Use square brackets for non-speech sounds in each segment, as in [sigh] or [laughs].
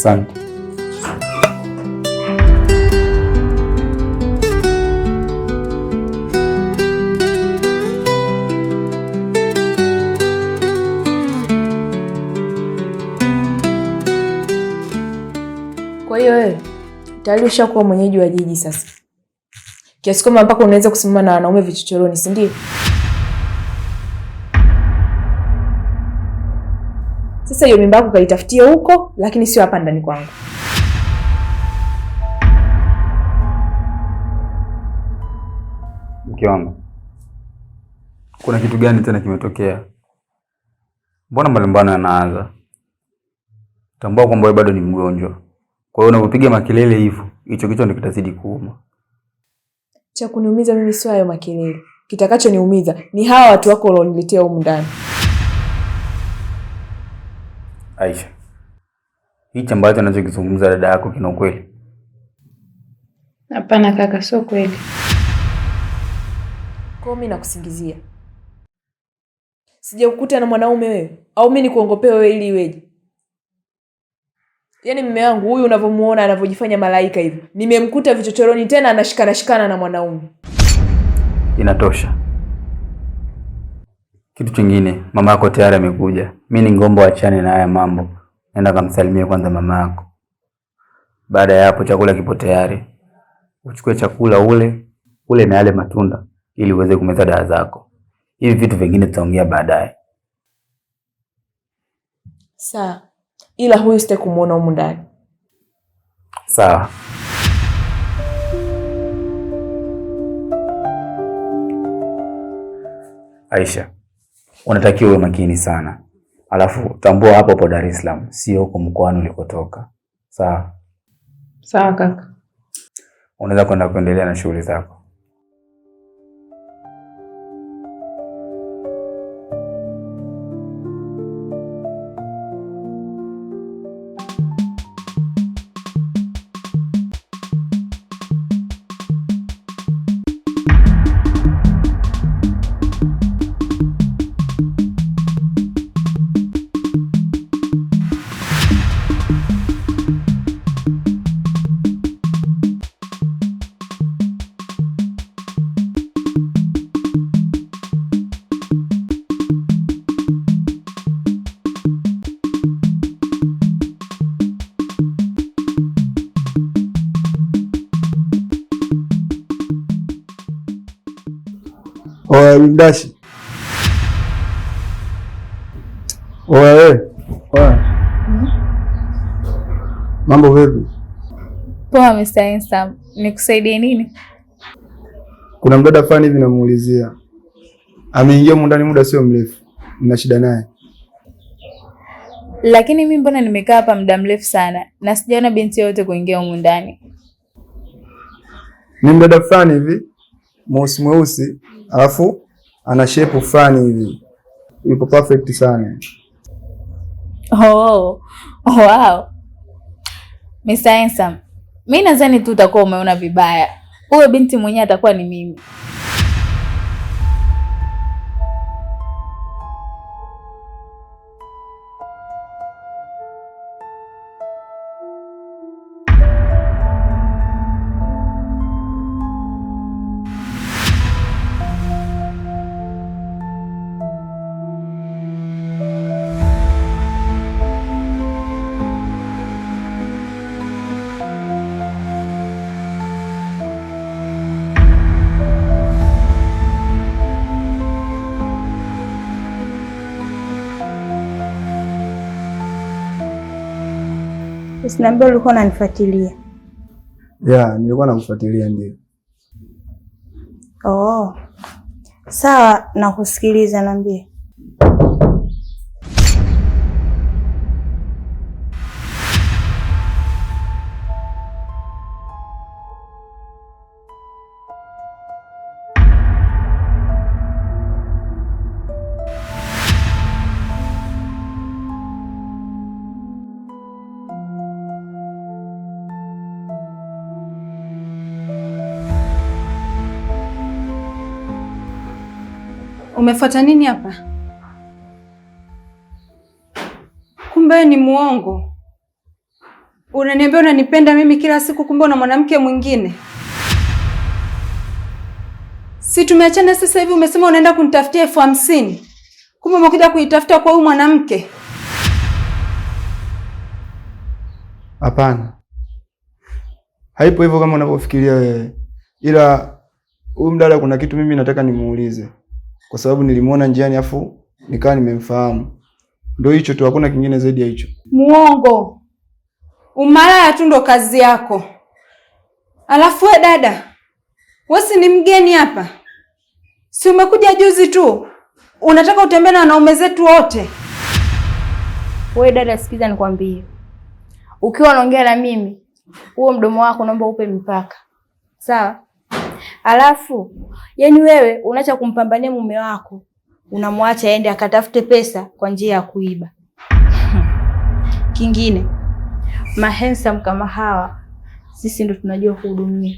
Asante. Kwa hiyo wewe tayari ushakuwa mwenyeji wa jiji sasa, kiasi kwamba mpaka unaweza kusimama na wanaume vichochoroni, si ndio? sasa hiyo mimba yako kaitafutie huko, lakini sio hapa ndani kwangu. Mke wangu, kuna kitu gani tena kimetokea? Mbona malumbano yanaanza? Tambua kwamba wewe bado ni mgonjwa, kwa hiyo unapopiga makelele hivyo, hicho kichwa ndio kitazidi kuuma. Cha kuniumiza mimi sio hayo makelele, kitakachoniumiza ni hawa watu wako walioniletea humu ndani. Aisha, hichi ambacho anachokizungumza dada yako kina ukweli? Hapana kaka, sio kweli. Kwa mimi nakusingizia, sijakukuta na mwanaume wewe, au mimi nikuongopea wewe ili iweje? Yaani mume wangu huyu unavyomuona anavyojifanya malaika hivi, nimemkuta vichochoroni tena anashikana shikana na mwanaume. Inatosha. Kitu kingine, mama yako tayari amekuja. Mimi ngombo wachane na haya mambo, nenda kumsalimia kwanza mama yako. Baada ya hapo, chakula kipo tayari, uchukue chakula ule ule na yale matunda, ili uweze kumeza dawa zako. Hivi vitu vingine tutaongea baadaye, sawa? Ila huyu sitaki kumuona humu ndani, sawa? Aisha unatakiwa uwe makini sana. Alafu tambua hapo hapo Dar es Salaam, sio huko mkoani ulikotoka. Sawa sawa kaka, unaweza kwenda kuendelea na shughuli zako. Oya Bimdashi, oya wewe, oya hmm? mambo vipi? Poa Mr. Handsome, nikusaidie nini? Kuna mdada fulani hivi namuulizia, ameingia humu muda sio mrefu, nina shida naye. Lakini mimi mbona nimekaa hapa muda mrefu sana na sijaona binti yoyote kuingia humu ndani? Ni mdada fulani hivi mweusi mweusi alafu ana shape fulani hivi, yupo perfect sana. Oh, oh, wow. Mr. Handsome, mi nadhani tu utakuwa umeona vibaya, huyo binti mwenyewe atakuwa ni mimi. Usiniambia ulikuwa unanifuatilia? Yeah, nilikuwa nakufuatilia ndio. Oh. Sawa, nakusikiliza, niambie. Umefuata nini hapa? Kumbe ni muongo. Unaniambia unanipenda mimi kila siku, kumbe una mwanamke mwingine. Si tumeachana sasa hivi, umesema unaenda kunitafutia elfu hamsini kumbe umekuja kuitafuta kwa huyu mwanamke. Hapana, haipo hivyo kama unavyofikiria wewe, ila huyu mdada, kuna kitu mimi nataka nimuulize kwa sababu nilimuona njiani afu nikawa nimemfahamu. Ndio hicho tu, hakuna kingine zaidi ya hicho. Muongo, umalaya tu ndo kazi yako. Alafu we dada, wesi ni mgeni hapa, si umekuja juzi tu, unataka utembee na wanaume zetu wote? We dada, sikiza nikwambie, ukiwa unaongea na mimi, huo mdomo wako naomba upe mipaka, sawa? Alafu yani wewe unaacha kumpambania mume wako, unamwacha aende akatafute pesa kwa njia ya kuiba. [laughs] Kingine, mahensam kama hawa sisi ndo tunajua kuhudumia.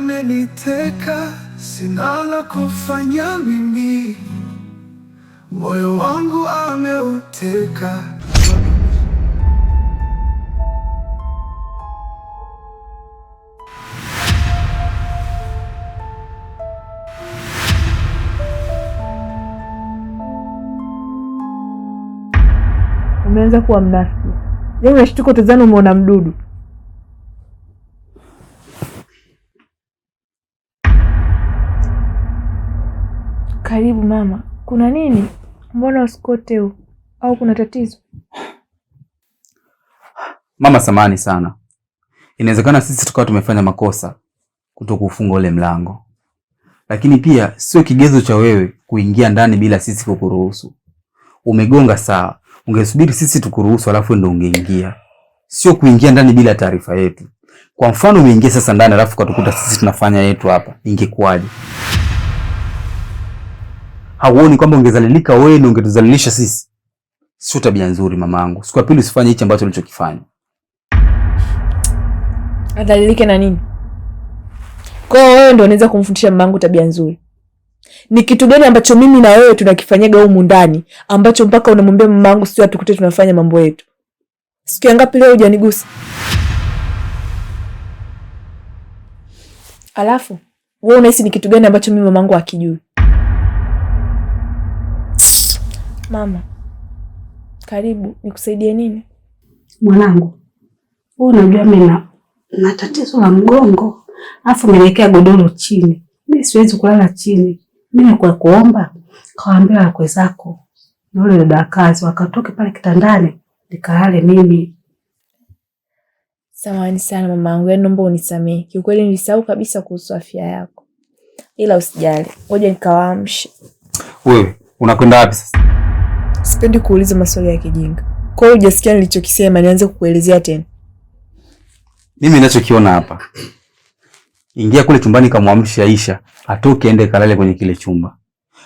wameniteka, sina la kufanya mimi, moyo wangu ameuteka. Umeanza kuwa mnafiki. Yeye yaani unashtuka utazana umeona mdudu. Karibu mama, kuna nini? Mbona usikote huu? Au kuna tatizo? Mama, samani sana, inawezekana sisi tukawa tumefanya makosa kuto kufunga ule mlango, lakini pia sio kigezo cha wewe kuingia ndani bila sisi kukuruhusu. Umegonga saa, ungesubiri sisi tukuruhusu, alafu ndo ungeingia, sio kuingia ndani bila taarifa yetu. Kwa mfano, umeingia sasa ndani alafu katukuta sisi tunafanya yetu hapa, ingekuwaje? hauoni kwamba ungezalilika wewe na ungetuzalilisha sisi? Sio tabia nzuri mamangu. Siku ya pili usifanye hichi ambacho ulichokifanya. Adhalilike na nini? Kwa hiyo wewe ndio unaweza kumfundisha mamangu tabia nzuri? Ni kitu gani ambacho mimi na wewe tunakifanyaga humu ndani ambacho mpaka unamwambia mamangu sio atukute tunafanya mambo yetu? Siku ya ngapi leo hujanigusa? Alafu wewe unahisi ni kitu gani ambacho mimi mamangu akijui? Mama, karibu, nikusaidie nini? Mwanangu, huu unajua mimi na tatizo la mgongo, alafu nimeelekea godoro chini, mi siwezi kulala chini. Mimi kwa kuomba kawaambia wakwe zako yule dada kazi wakatoke pale kitandani nikaale mimi. Samahani sana mama yangu, yaani naomba unisamehe kiukweli, nilisahau kabisa kuhusu afya yako, ila usijali, ngoja nikawaamshe. Wewe unakwenda wapi sasa? Sipendi kuuliza maswali ya kijinga. Kwa hiyo ujasikia nilichokisema, nianze kukuelezea tena? Mimi ninachokiona hapa, ingia kule chumbani, kamwamsha Aisha atoke aende kalale kwenye kile chumba,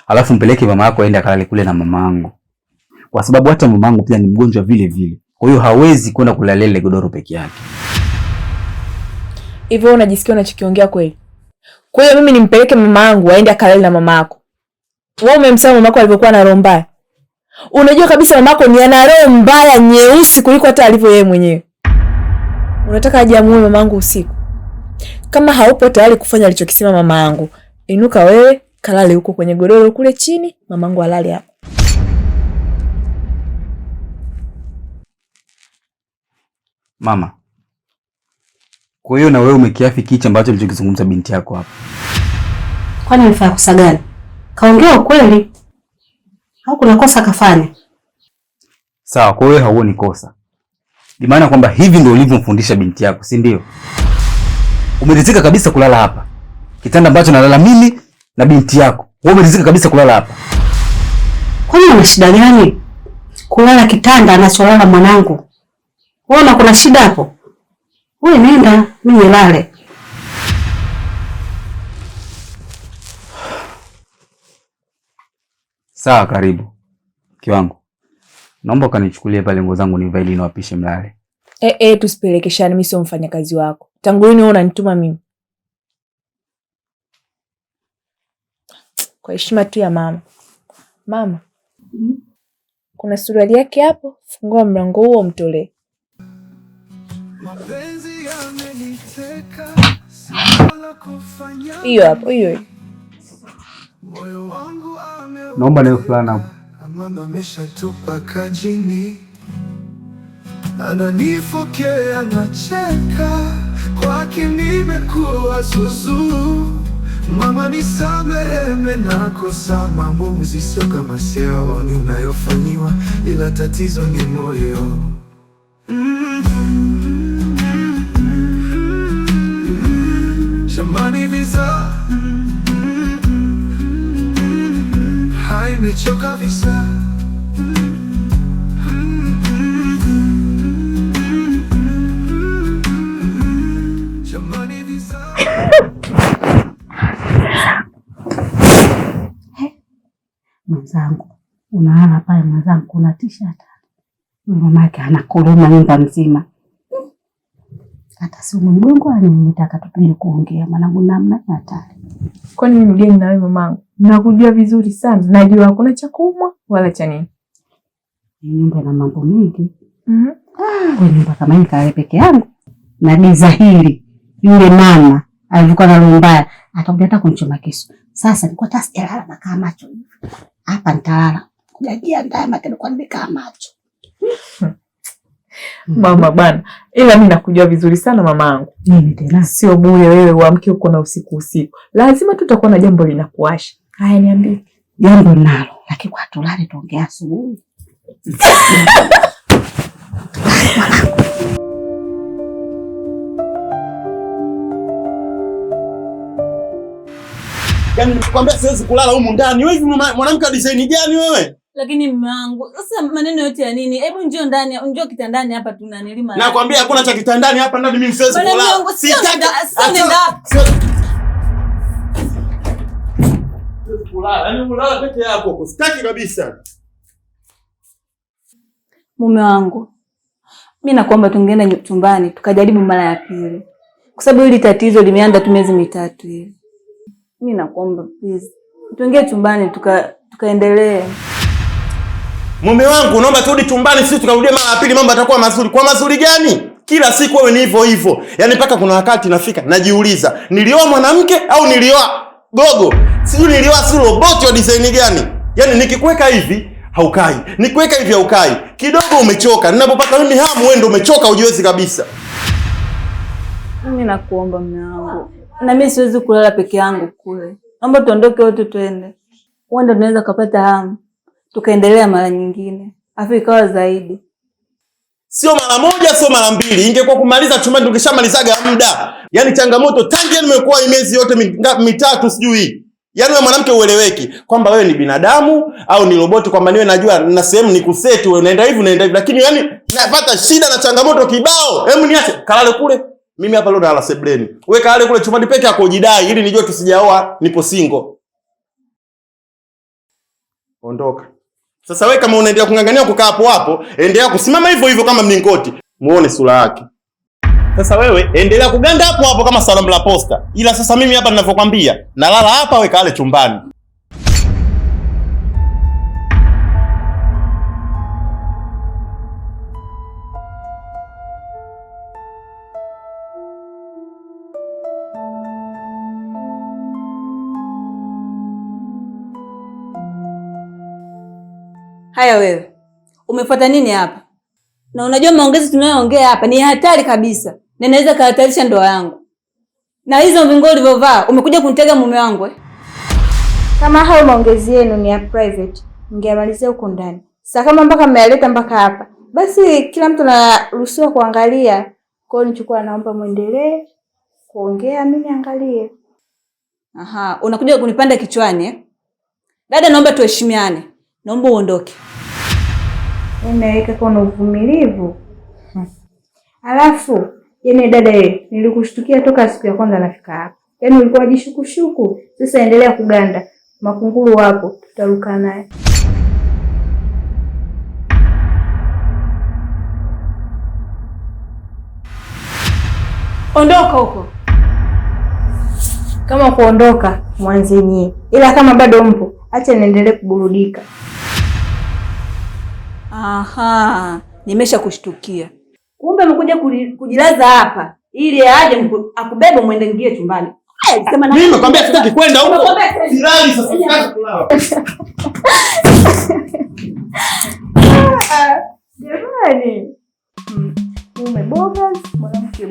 alafu mpeleke mama yako aende akalale kule na mamangu, kwa sababu hata mamangu pia ni mgonjwa vile vile, kwa hiyo hawezi kwenda kulalia ile godoro peke yake. Hivyo unajisikia unachokiongea kweli? Kwa hiyo mimi nimpeleke mama yangu aende akalale na mama yako? Wewe umemsema mama yako alivyokuwa na roho mbaya? unajua kabisa mamako ni ana roho mbaya nyeusi kuliko hata alivyo yeye mwenyewe. Unataka aje amuue mamangu usiku? Kama haupo tayari kufanya alichokisema mama yangu, inuka wewe, kalale huko kwenye godoro kule chini, mamangu alale hapo. Mama, kwa hiyo na wewe umekiafi kicha ambacho alichokizungumza binti yako hapa? Kwani nifaa kusagana? Kaongea ukweli au kuna kosa kafanya? Sawa, kwa hiyo hauoni kosa, ni maana kwamba hivi ndio ulivyomfundisha binti yako, si ndio? Umeridhika kabisa kulala hapa kitanda ambacho nalala mimi na binti yako, wewe umeridhika kabisa kulala hapa? Kwani una shida gani kulala kitanda anacholala mwanangu? Wewe una kuna shida hapo? Wewe nenda, mimi nilale. Sawa, karibu kiwangu Naomba ukanichukulie pale nguo zangu ni ili niwapishe mlale. Eh, eh, tusipelekeshane, mimi sio mfanyakazi wako. Tangu lini wewe unanituma mimi? Kwa heshima tu ya mama. Mama. Mm-hmm. Kuna suruali yake hapo, fungua mlango huo umtolee. Hiyo hapo, hiyo. Naomba neno fulani hapo. Mama ameshatupa kajini, ananifokea, anacheka, kwake nimekuwa zuzu. Mama nisamehe, menakosa maamuzi, sio kama siaoni unayofanyiwa, ila tatizo ni moyo mm. jicho kabisa. Eh, mwenzangu unaana pale, mwenzangu kunatisha hata yake anakoroma nyumba mzima hmm. hata simu mgongo anitaka tupige kuongea mwanangu, namna hatari. Kwani mimi mgeni na wewe mamangu? Nakujua vizuri sana, najua hakuna cha kuumwa wala cha nini. Nyumba na mambo mengi mm Ah, nyumba kama hii kale peke yangu na giza hili. Yule mama alivuka na roho mbaya, akaambia hata kumchoma kisu. Sasa nilikuwa hata sijalala, kama macho hapa, nitalala kujagia ndaye tena, kwa nimekaa macho hmm. mama bana, ila mimi nakujua vizuri sana mamaangu. Mimi tena sio bure wewe uamke uko na usiku usiku, lazima tutakuwa na jambo linakuasha Haya, niambie jambo nalo, lakini kwa tulale tuongea asubuhi. Yaani nikwambia siwezi kulala humu ndani. Wewe mwanamke wa design gani wewe? Lakini mmangu, sasa maneno yote ya nini? Hebu njoo ndani, njoo kitandani hapa tunanilima. Nakwambia hakuna cha kitandani hapa ndani mimi siwezi kulala. Sitaki kulala. Yaani peke yako, kabisa. Mume wangu, mi nakuomba tungeenda chumbani tukajaribu mara ya pili, kwa sababu hili tatizo limeanza tu miezi mitatu hivi. Mi nakuomba please, tuingie chumbani tuka tukaendelee. Mume wangu, naomba turudi chumbani, sisi tukarudie mara ya pili, mambo yatakuwa mazuri. Kwa mazuri gani? Kila siku wewe ni hivyo hivyo, yaani mpaka kuna wakati nafika najiuliza, nilioa mwanamke au nilioa gogo? sijui niliwasi roboti wa design gani. Yaani nikikuweka hivi haukai, nikiweka hivi haukai, kidogo umechoka. Ninapopata mimi hamu, wewe ndio umechoka, hujiwezi kabisa. Mimi nakuomba mume wangu, na mimi siwezi kulala peke yangu kule, naomba tuondoke wote tuende, uenda tunaweza kupata hamu tukaendelea mara nyingine, afu ikawa zaidi Sio mara moja, sio mara mbili. Ingekuwa kumaliza chumbani, tukishamalizaga muda. Yaani changamoto tangia nimekuwa hii miezi yote mitatu sijui Yaani wewe mwanamke ueleweki kwamba wewe ni binadamu au ni roboti, kwamba niwe najua na sehemu ni kuseti, wewe unaenda hivi unaenda hivi, lakini yani napata shida na changamoto kibao. Hebu niache kalale kule, mimi hapa leo nalala sebleni, wewe kalale kule chumbani peke yako ujidai, ili nijue kisijaoa, nipo single. Ondoka sasa. Wewe kama unaendelea kung'ang'ania kukaa hapo hapo, endelea kusimama hivyo hivyo kama mlingoti, muone sura yake. Sasa wewe endelea kuganda hapo hapo kama salamu la posta, ila sasa mimi hapa ninavyokwambia, nalala hapa, we kale chumbani. Haya wewe, umefuata nini hapa? Na unajua maongezi tunayoongea hapa ni hatari kabisa na inaweza kahatarisha ndoa yangu. Na hizo vingo ulivyovaa umekuja kunitega mume wangu eh? Kama hayo maongezi yenu ni ya private, ningeamalizia huko ndani. Sasa kama mpaka mmeleta mpaka hapa, basi kila mtu anaruhusiwa kuangalia. Kwa hiyo nichukua, naomba muendelee kuongea, mimi niangalie. Aha, unakuja kunipanda kichwani eh? Dada, naomba tuheshimiane, naomba uondoke. Unaweka kwa uvumilivu. Alafu Yaani dada ye, nilikushtukia toka siku ya kwanza nafika hapa. Yaani ulikuwa jishukushuku. Sasa endelea kuganda. Makunguru wapo, tutaruka naye. Ondoka huko. Kama kuondoka mwanze nyie, ila kama bado mpo, acha niendelee kuburudika. Aha, nimesha kushtukia kumbe amekuja kujilaza hapa ili aje akubebe mwende ngie chumbani. Mimi nakwambia sitaki kwenda huko. Silali sasa sitaki kulala. [laughs] Jamani. Hmm, mume mwanamke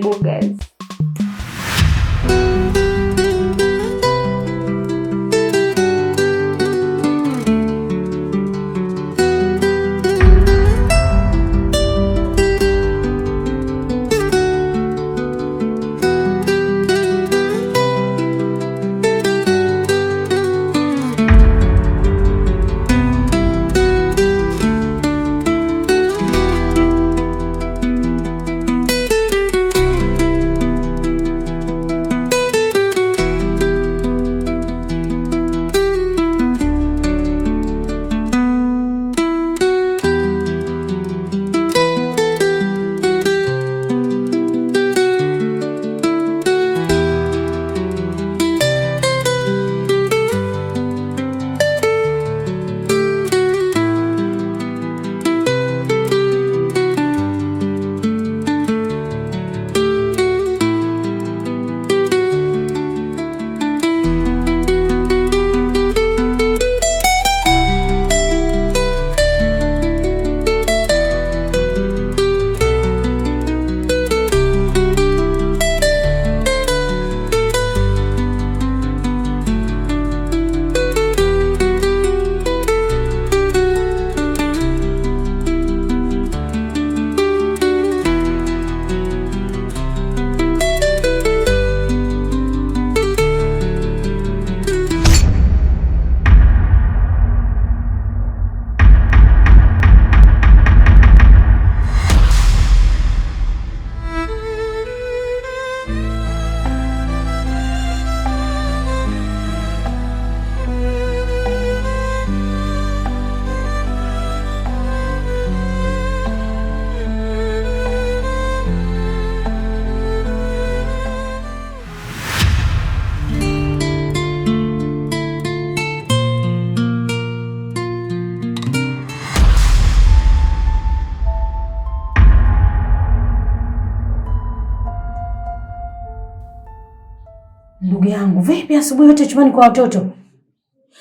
ndugu yangu, vipi asubuhi yote chumbani kwa watoto,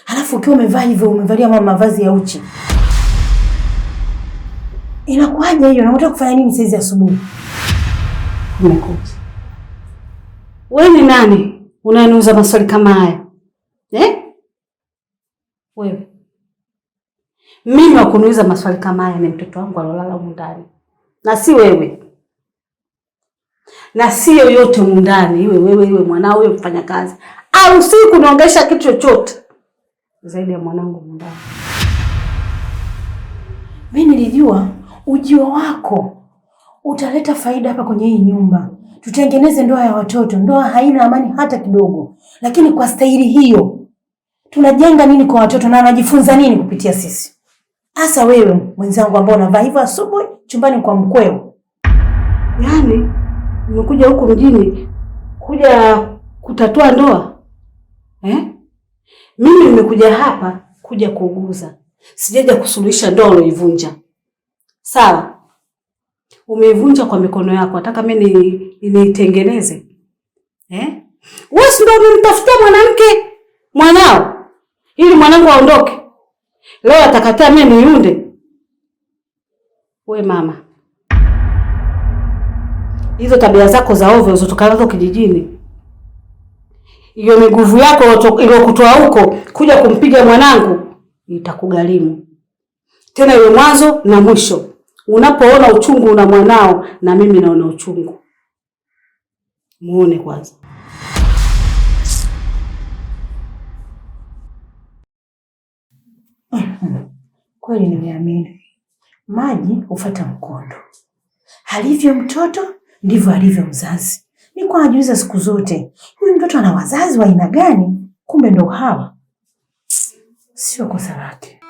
halafu ukiwa umevaa hivyo, umevalia mavazi ya uchi, inakuwaje hiyo? Unataka kufanya nini saizi asubuhi? Umekuja wewe, ni nani unayeniuza maswali kama haya eh? Wewe mimi wakuniuza maswali kama haya ni mtoto wangu alolala humu ndani na si wewe na si yoyote mundani, iwe wewe, iwe mwanao, iwe mfanyakazi, au si kunongesha kitu chochote zaidi ya mwanangu mundani. Mimi nilijua ujio wako utaleta faida hapa kwenye hii nyumba, tutengeneze ndoa ya watoto. Ndoa haina amani hata kidogo, lakini kwa staili hiyo tunajenga nini kwa watoto na anajifunza nini kupitia sisi? Hasa wewe mwenzangu, ambao unavaa hivyo asubuhi chumbani kwa mkweo, yaani umekuja huku mjini kuja kutatua ndoa eh? Mimi nimekuja hapa kuja kuuguza, sijaja kusuluhisha ndoa uloivunja. Sawa, umeivunja kwa mikono yako, nataka mimi niitengeneze eh? Wewe si ndio umemtafutia mwanamke mwanao ili mwanangu aondoke? Leo atakataa mimi niunde? We mama hizo tabia zako za ovyo zilizotokana nazo kijijini, hiyo miguvu yako iliyokutoa huko kuja kumpiga mwanangu itakugharimu tena, iwe mwanzo na mwisho. Unapoona uchungu una mwanao, na mimi naona uchungu. Muone kwanza. Kweli nimeamini maji hufata mkondo, halivyo mtoto Ndivyo alivyo mzazi. Nilikuwa najiuliza siku zote, huyu mtoto ana wazazi wa aina gani? Kumbe ndo hawa. Sio kosa lake.